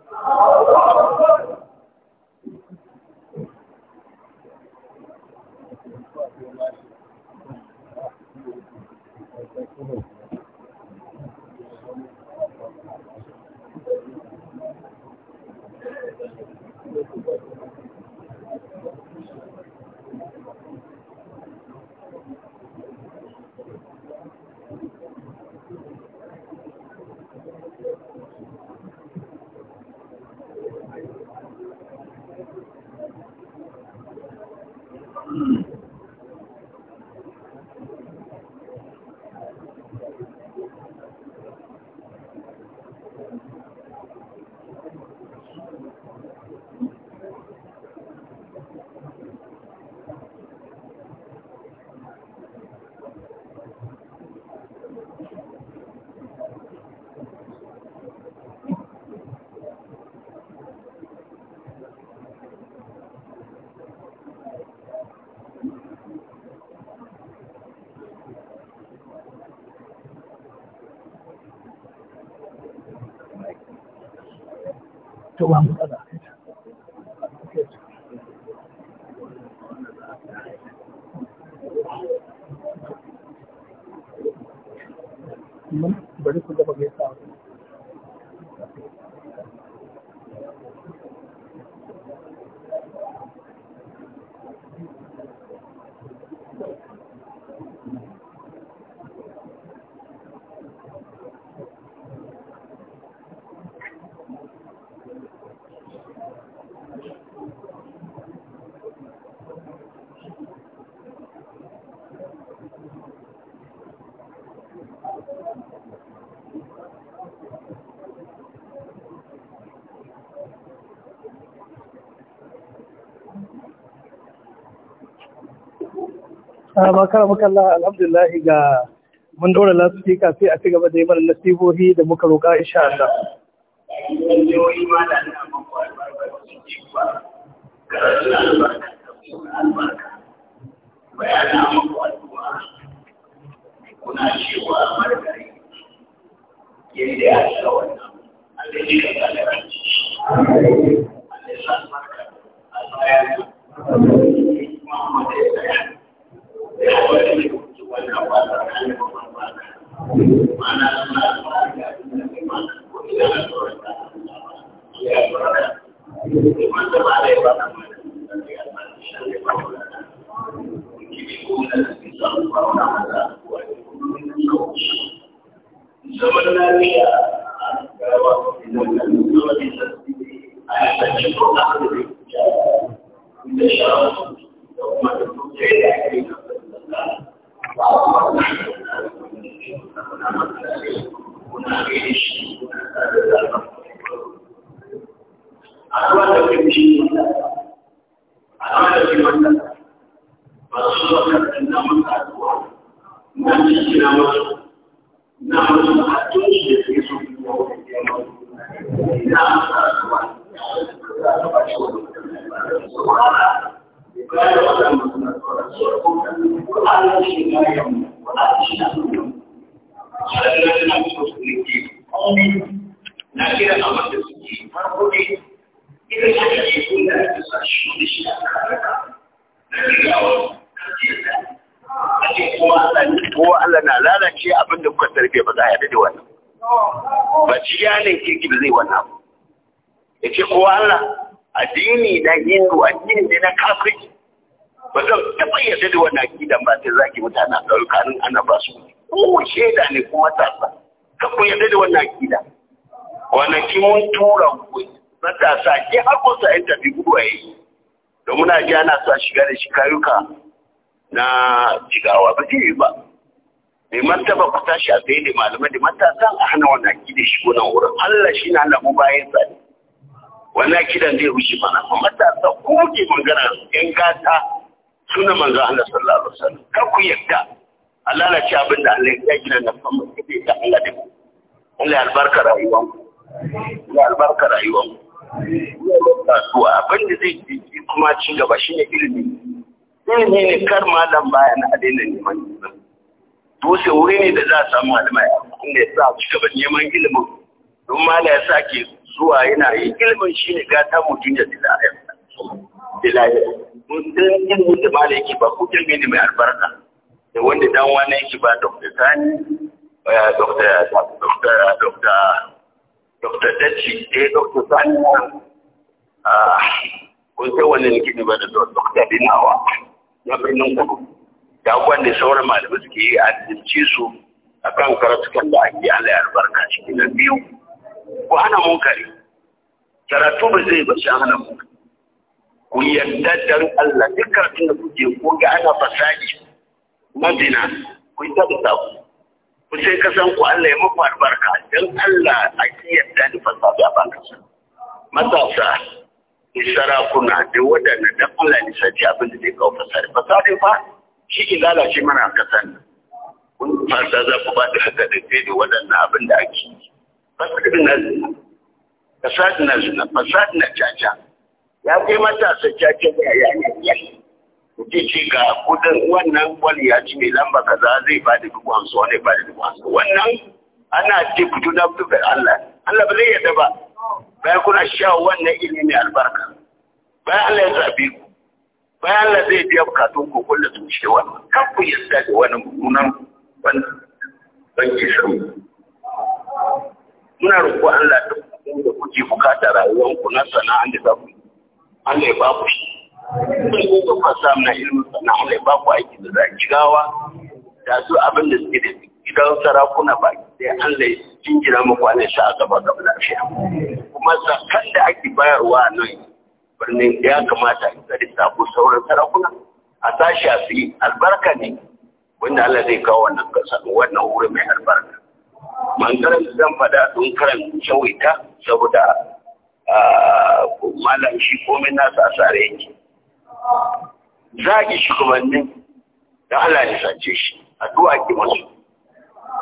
就完不成的。Ah, makara Allah alhamdulillah ga mun dora lasfika sai a ci gaba da yi mana nasibohi da muka roka insha Allah shiga da shi kayuka na jigawa ba zai yi ba mai martaba ku tashi a tsaye da malamai da matasan a hana wannan akidar shi nan wurin Allah shi na mu bayan sa ne wannan kidan zai wuce mana amma matasa ku muke magana yan gata suna manzo Allah sallallahu alaihi wasallam kar ku yadda Allah na ci abin da Allah ya gina na fama kace da Allah da Allah albarka rayuwanku Allah albarka rayuwanku kasuwa abin da zai ci kuma ci gaba shi ne ilimi ilimi ne kar malam baya na daina neman ilimin dutse wuri ne da za a samu malamai inda ya sa ci gaba neman ilimin don malam ya sa ke zuwa yana yi ilimin shi ne gata mutum ya a mun san ilimin da malam yake ba ko ilimi ne mai albarka da wanda dan wani yake ba dr sani eh, dokta dr dokta. Dr. Dachi, eh Dr. Sani ah, kun sai wani likita ba da Dr. Dinawa, na birnin kudu. Ya gwanda sauran malamai suke yi a dinci su a kan karatukan da ake Allah ya albarka shi na biyu. Ku hana munkari. Karatu ba zai ba shi hana munkari. Ku yarda dan Allah duk karatun da kuke ko ga ana fasadi. Madina, ku yi ta da sabu. ku sai ka san ku Allah ya muku albarka don Allah a kiyar da fasaha a bankansa matasa ni sarakuna da waɗanda da Allah ni sace abin da zai kawo fasari fasari fa shi ke lalace mana kasan kun fasa za ku ba da haka da kai da waɗannan abin da ake fasadi na zina fasadi na zina fasadi na caca ya kai matasa caca da yayi kuke ce ga kudin wannan wani ya ci mai lamba kaza zai ba da dukwan su wani ba da dukwan su wannan ana ce kudu na fito ga Allah Allah ba zai yadda ba bayan kuna sha wannan ilimi mai albarka bayan Allah ya zabi ku bayan Allah zai biya bukatun ku su tushe wannan kan ku sa da wannan mummunan wannan banki sau muna roƙo Allah duk da kuke bukata ku na sana'a da ku Allah ya ba ku shi sun masu amna ilimin sannan Allah ya baku aiki da za gawa da su abin da suke da gidan sarakuna ba sai an zai jingira muku Allah sha a gaba gaba lafiya kuma zakan da ake bayarwa a nan birnin ya kamata a tsari sako sauran sarakuna a tashi a fi albarka ne wanda Allah zai kawo wannan kasa wannan wuri mai albarka man karanta zan fada don karanta shawaita saboda ah, malam shi komai nasa a sare yake zagi shugabanni da Allah ya sace shi duwa ki masu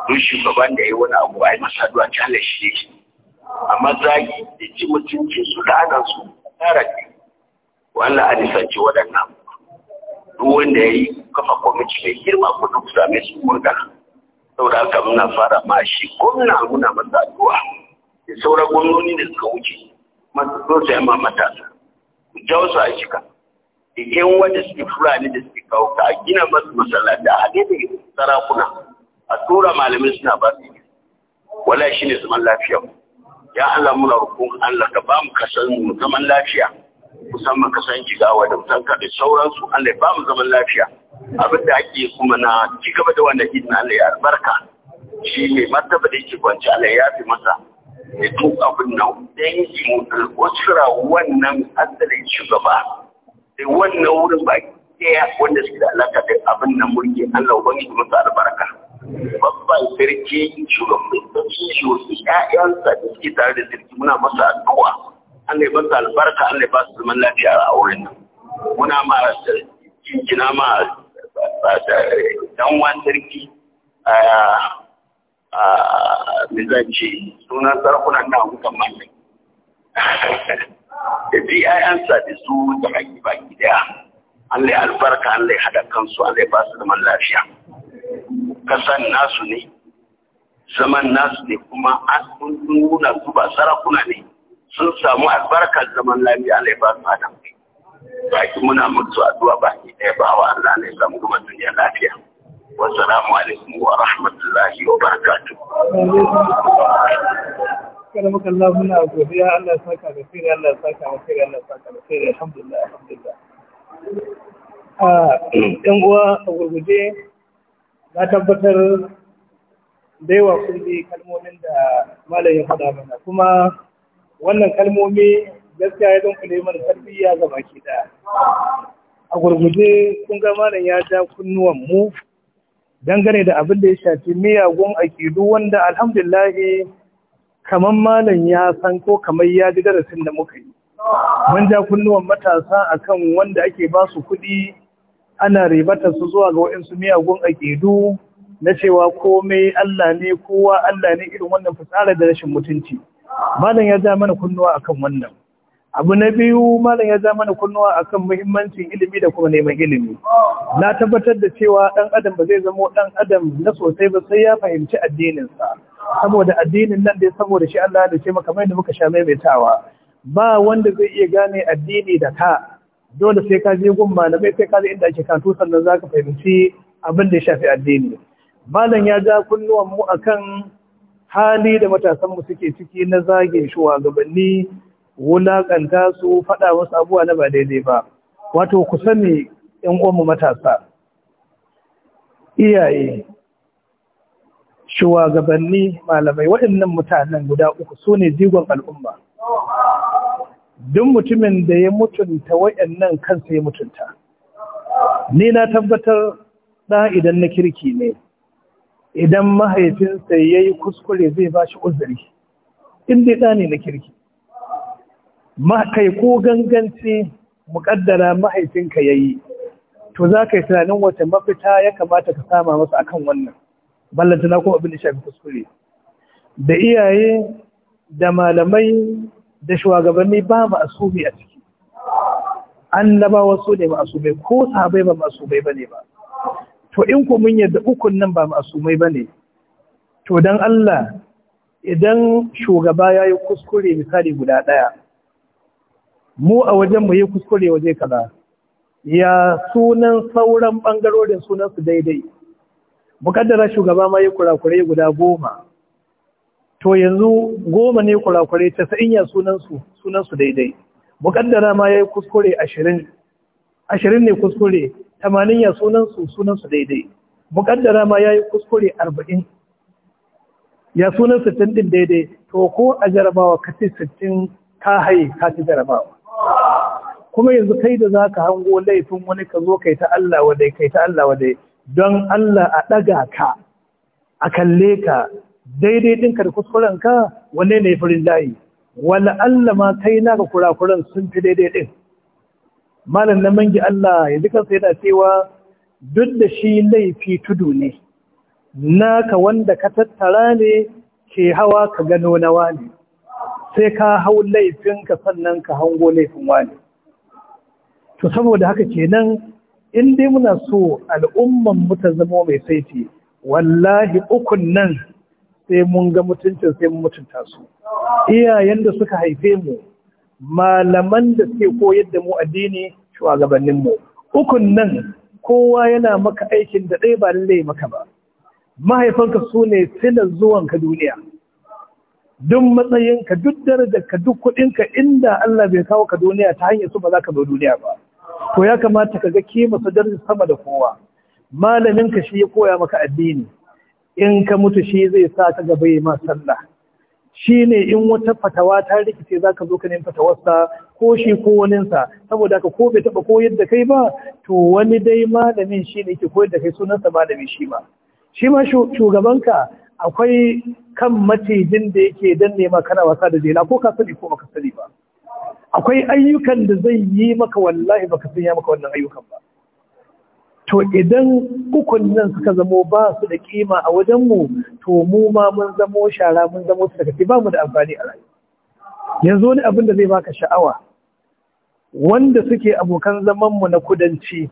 duk shugaban da ya wani abu ai masa duwa ta Allah shi ne amma zagi da ci mutunci su da ana su tsara ki wannan a nisanci waɗannan duk wanda ya yi kafa kwamiti mai girma ko duk same su murgana saboda haka muna fara ma shi gwamna muna masa duwa da sauran gwamnoni da suka wuce masu so sai ma matasa ku jawo su a shiga Yin wanda suke fulani da suke kawo ka gina masu masallaci a haɗe da sarakuna a tura malamin suna ba su wala shi ne zaman lafiya ya Allah muna rukun Allah ka ba mu kasan mu zaman lafiya musamman kasan jigawa da musan kaɗe sauransu Allah ba mu zaman lafiya abin da ake kuma na ci gaba da wannan idin Allah ya albarka shi ne martaba da yake kwanci Allah ya fi masa ya duk abin nan dangi mu wasu wannan asalin shugaba sai wannan wurin ba ɗaya wanda suke da alaƙa da abin nan mulki Allah ubangiji musu albarka babban sarki shugabanci shugabanci ƴaƴansa da suke tare da sarki muna masa addu'a Allah ya basu albarka Allah ya basu zaman lafiya a wurin nan muna ma jinjina ma dan wani sarki a a mizanci sunan sarakunan nan hukan da ji ƴaƴansa da su da haƙi baki daya An lai albarka an lai haɗa kansu an lai ba su zaman lafiya kasan nasu ne zaman nasu ne kuma an nuna su ba sarakuna ne sun samu albarkar zaman lafiya an lai ba su hada baki muna mutu addu'a baki ɗaya ba wa Allah ne samu kuma duniya lafiya Wassalamu alaikum wa rahmatullahi wa barakatu. Kada Karamu kallon muna godiya Allah ya saka da fere Allah ya saka da fere Allah ya saka da fere alhamdulillah alhamdulillah. Ah, yan uwa a gurguje na tabbatar da yawa kun bi kalmomin da malam ya faɗa mana kuma wannan kalmomi gaskiya ya don kule mana tarbiyya gaba baki da. A gurguje kun ga malam ya ja kunnuwan mu dangane da abin da ya shafi miyagun aƙidu wanda alhamdulahi kamar malam ya san ko kamar ya ji darasin da muka yi mun ja kunnuwan matasa a kan wanda ake ba su kuɗi ana ribata su zuwa ga waɗansu miyagun aƙidu na cewa komai Allah ne kowa Allah ne irin wannan fitsara da rashin mutunci malam ya ja mana kunnuwa a kan wannan abu na biyu malam ya ja mana kunnuwa akan muhimmancin ilimi da kuma neman ilimi na tabbatar da cewa ɗan adam ba zai zama dan adam na sosai ba sai ya fahimci addininsa. sa saboda addinin nan dai saboda shi Allah da ce maka mai da muka sha maimaitawa ba wanda zai iya gane addini da ka dole sai ka je gun malamai sai ka je inda ake kanto sannan ka fahimci abin da ya shafi addini malam ya ja kunnuwan mu akan hali da matasan mu suke ciki na zage shuwagabanni wulaƙanta su faɗa wasu abuwa na ba daidai ba wato ku sani ‘yan uwanmu matasa iyaye shugabanni malamai waɗannan mutanen guda uku su ne jigon al'umma duk mutumin da ya mutunta waɗannan kansa ya mutunta ni na tabbatar ɗa idan na kirki ne idan mahaifinsa ya yi kuskure zai ba shi uzuri inda ɗa ne na kirki kai ko ganganci muƙaddara mahaifinka ya yi to za ka yi tunanin wace mafita ya kamata ka sama masa akan wannan ballantana ko abin da shafi kuskure da iyaye da malamai da shugabanni ba asubi a ciki annabawa su ne ma'asumai ko sahabai ba ma'asumai bane ba to in ku mun yadda ukun nan ba ma'asumai ne. to don Allah idan shugaba ya yi kuskure misali guda ɗaya. mu a wajen mu yi kuskure waje kaza ya sunan sauran bangarorin sunan su daidai mukaddara shugaba ma yi kurakure guda goma to yanzu goma ne kurakure casa'in ya sunan su sunan su daidai mukaddara ma yi kuskure ashirin ashirin ne kuskure tamanin ya sunan su sunan su daidai mukaddara ma yi kuskure arba'in ya sunan sittin din daidai to ko a jarabawa kace sittin ka haye ka ci jarabawa kuma yanzu kai da za ka hango laifin wani ka zo kai ta Allah wa dai kai ta Allah wa dai don Allah a ɗaga ka a kalle ka daidai ɗinka da kuskuren ka wanne ne farin layi wala Allah ma kai naka kurakuren sun fi daidai ɗin malam na mangi Allah ya ji kansa yana cewa duk da shi laifi tudu ne naka wanda ka tattara ne ke hawa ka gano nawa ne sai ka hau laifinka sannan ka hango laifin wani to saboda haka kenan in dai muna so al'umman mu ta zama mai saiti wallahi ukun nan sai mun ga mutuncin sai mun mutunta su iyayen da suka haife mu malaman da suke koyar da mu addini shugabannin mu ukun nan kowa yana maka aikin da ɗaya ba lallai maka ba mahaifanka su ne silar zuwanka duniya duk matsayinka duk ka duk kuɗinka inda Allah bai kawo ka duniya ta hanyar su ba za ka zo duniya ba to ya kamata ka ga kima su darajar sama da kowa malamin ka shi ya koya maka addini in ka mutu shi zai sa ka ga bai ma sallah shi ne in wata fatawa ta rikice za ka zo ka nemi fatawarsa ko shi ko waninsa saboda ka ko bai taɓa koyar da kai ba to wani dai malamin shi ne ke koyar da kai sunansa malamin shi ba shi ma shugabanka akwai kan macijin da yake danne maka na wasa da jela ko ka sani ko baka sani ba akwai ayyukan da zai yi maka wallahi baka san ya maka wannan ayyukan ba to idan kukun nan suka zamo ba su da kima a wajen mu to mu ma mun zamo shara mun zamo su daga ba mu da amfani a rayuwa yanzu wani abin da zai baka sha'awa wanda suke abokan zaman mu na kudanci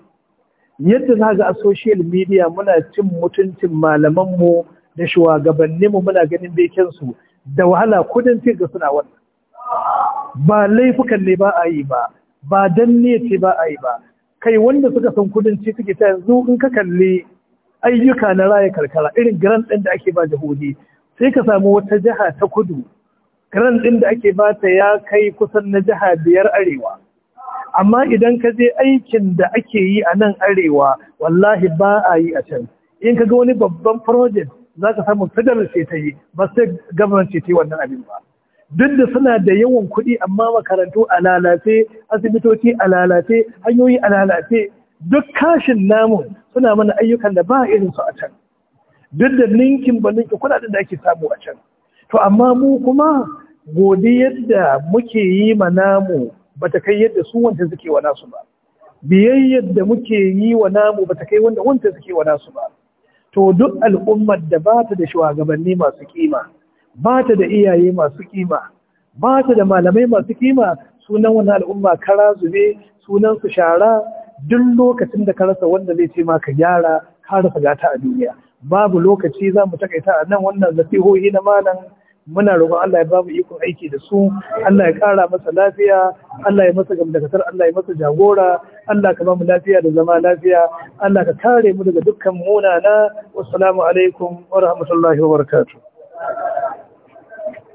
yadda za ga a social media muna cin mutuncin malaman mu da mu muna ganin su, da wahala kudin ga suna wannan ba laifukan ne ba a yi ba ba dan ne ce ba a yi ba kai wanda suka san kudin ci suke ta yanzu in ka kalli ayyuka na raya karkara irin garan ɗin da ake ba jihohi sai ka samu wata jiha ta kudu garan ɗin da ake ba ta ya kai kusan na jiha biyar arewa amma idan ka je aikin da ake yi a nan arewa wallahi ba a yi a can in ka ga wani babban project za ka samu federal ce ta yi ba sai gwamnati ce ta yi wannan abin ba duk da suna da yawan kuɗi amma makarantu a lalace asibitoci a lalace hanyoyi a lalace duk kashin namu suna mana ayyukan da ba irin su a can duk da ninkin ba ninki kuɗaɗen da ake samu a can to amma mu kuma godiyar yadda muke yi ma namu ba ta kai yadda su wanda suke wa nasu ba biyayyar da muke yi wa namu ba ta kai wanda wanda suke wa nasu ba to duk al'ummar da ba ta da shugabanni masu kima ba ta da iyaye masu kima ba ta da malamai masu kima sunan wani al'umma kara zube sunan su shara duk lokacin da ka rasa wanda zai ce maka gyara ka da gata a duniya babu lokaci za mu takaita a nan wannan zafihohi na malam muna roƙon Allah ya ba mu ikon aiki da su Allah ya ƙara masa lafiya Allah ya masa gamdakatar Allah ya masa jagora Allah ka ba mu lafiya da zama lafiya Allah ka kare mu daga dukkan munana wassalamu alaikum wa rahmatullahi wa barakatuh